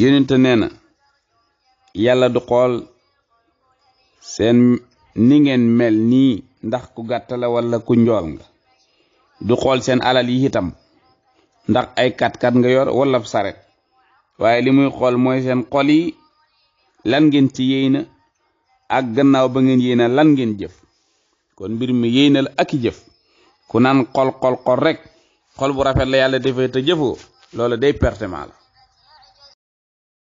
yonente nee na yàlla du xool seen ni ngeen mel nii ndax ku gàtt la wala ku njool nga du xool seen alal yi itam ndax ay kat-kat nga yor wala saret waaye li muy xool mooy seen xol yi lan ngeen ci yéena ak gannaaw ba ngeen yéena lan ngeen jëf kon mbir mi yéena la ak i jëf ku naan xol xol xol rek xol bu rafet la yàlla defee te jëfoo loolu day pertement la